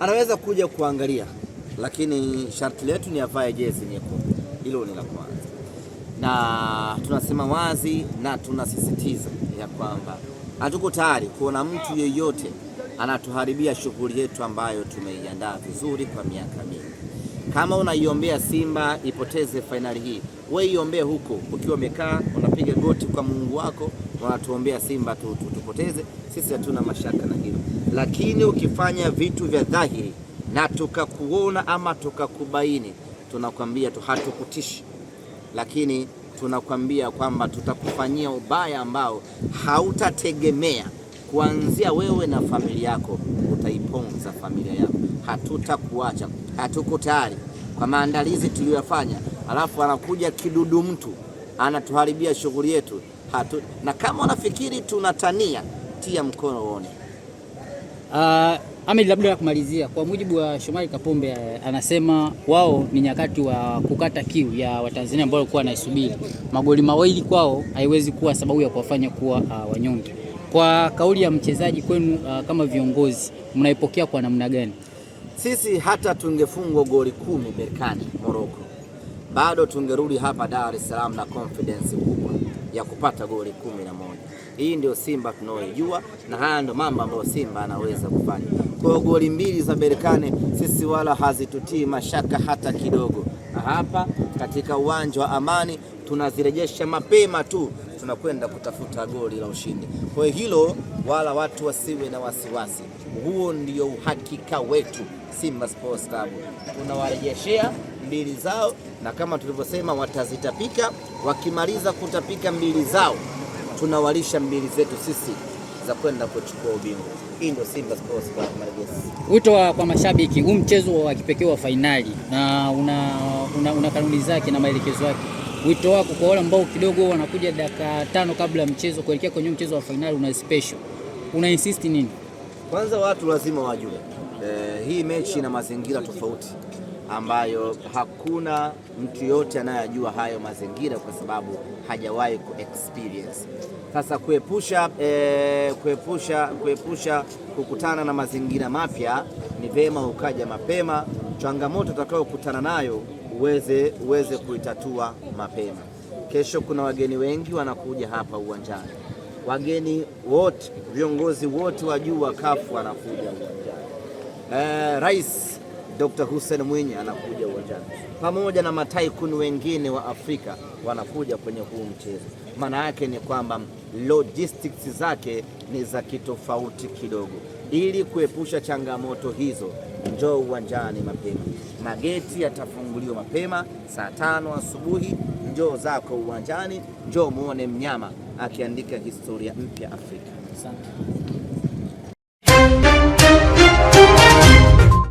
anaweza kuja kuangalia, lakini sharti letu ni avae jezi nyekundu. Hilo ni la kwanza, na tunasema wazi na tunasisitiza ya kwamba hatuko tayari kuona mtu yeyote anatuharibia shughuli yetu ambayo tumeiandaa vizuri kwa miaka mingi. Kama unaiombea Simba ipoteze fainali hii wewe iombee huko ukiwa umekaa unapiga goti kwa Mungu wako, unatuombea Simba tutupoteze. Sisi hatuna mashaka na hilo, lakini ukifanya vitu vya dhahiri na tukakuona ama tukakubaini, tunakwambia tu hatukutishi, lakini tunakwambia kwamba tutakufanyia ubaya ambao hautategemea. Kuanzia wewe na familia yako, utaiponza familia yako. Hatutakuacha, hatuko tayari kwa maandalizi tuliyofanya alafu anakuja kidudu mtu anatuharibia shughuli yetu hatu, na kama unafikiri tunatania, tia mkono uone. Uh, Ahmed, labda ya kumalizia, kwa mujibu wa Shomari Kapombe eh, anasema wao ni nyakati wa kukata kiu ya Watanzania ambao walikuwa wanaisubiri. Magoli mawili kwao haiwezi kuwa sababu ya kuwafanya kuwa uh, wanyonge. Kwa kauli ya mchezaji kwenu, uh, kama viongozi mnaipokea kwa namna gani? Sisi hata tungefungwa goli kumi Berkane Morocco bado tungerudi hapa Dar es Salaam na confidence kubwa ya kupata goli kumi na moja. Hii ndio Simba tunaoijua na haya ndio mambo ambayo Simba anaweza kufanya. Kwa hiyo goli mbili za Berkane sisi wala hazitutii mashaka hata kidogo, na hapa katika uwanja wa Amani tunazirejesha mapema tu, tunakwenda kutafuta goli la ushindi. Kwa hilo wala watu wasiwe na wasiwasi, huo ndio uhakika wetu. Simba Sports Club tunawarejeshea mbili zao, na kama tulivyosema watazitapika. Wakimaliza kutapika mbili zao, tunawalisha mbili zetu sisi za kwenda kuchukua ubingwa. Hii ndio Simba Sports Club. Wito kwa mashabiki, huu mchezo wa kipekee wa fainali na una, una, una kanuni zake na maelekezo yake wito wako kwa wale ambao kidogo wanakuja dakika tano kabla ya mchezo kuelekea kwenye mchezo wa fainali, una special, una insist nini? Kwanza watu lazima wajue eh, hii mechi ina mazingira tofauti ambayo hakuna mtu yote anayajua hayo mazingira kwa sababu hajawahi ku experience. Sasa kuepusha, eh, kuepusha, kuepusha kukutana na mazingira mapya, ni vema ukaja mapema changamoto utakayokutana nayo uweze, uweze kuitatua mapema. Kesho kuna wageni wengi wanakuja hapa uwanjani, wageni wote, viongozi wote wa juu wa CAF wanakuja uwanjani. Eh, rais Dr. Hussein Mwinyi anakuja uwanjani pamoja na mataikun wengine wa Afrika wanakuja kwenye huu mchezo. Maana yake ni kwamba logistics zake ni za kitofauti kidogo. Ili kuepusha changamoto hizo, njoo uwanjani mapema. Mageti yatafunguliwa mapema saa tano asubuhi. Njoo zako uwanjani, njoo muone mnyama akiandika historia mpya Afrika. Asante.